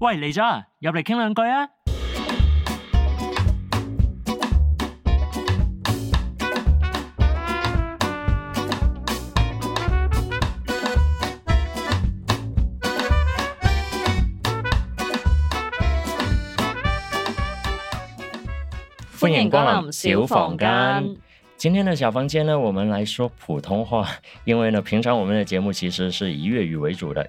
喂，嚟咗啊！入嚟傾兩句啊！歡迎光臨小房間。今天的小房間呢，我們來說普通話，因為呢，平常我們的節目其實是以粵語為主的。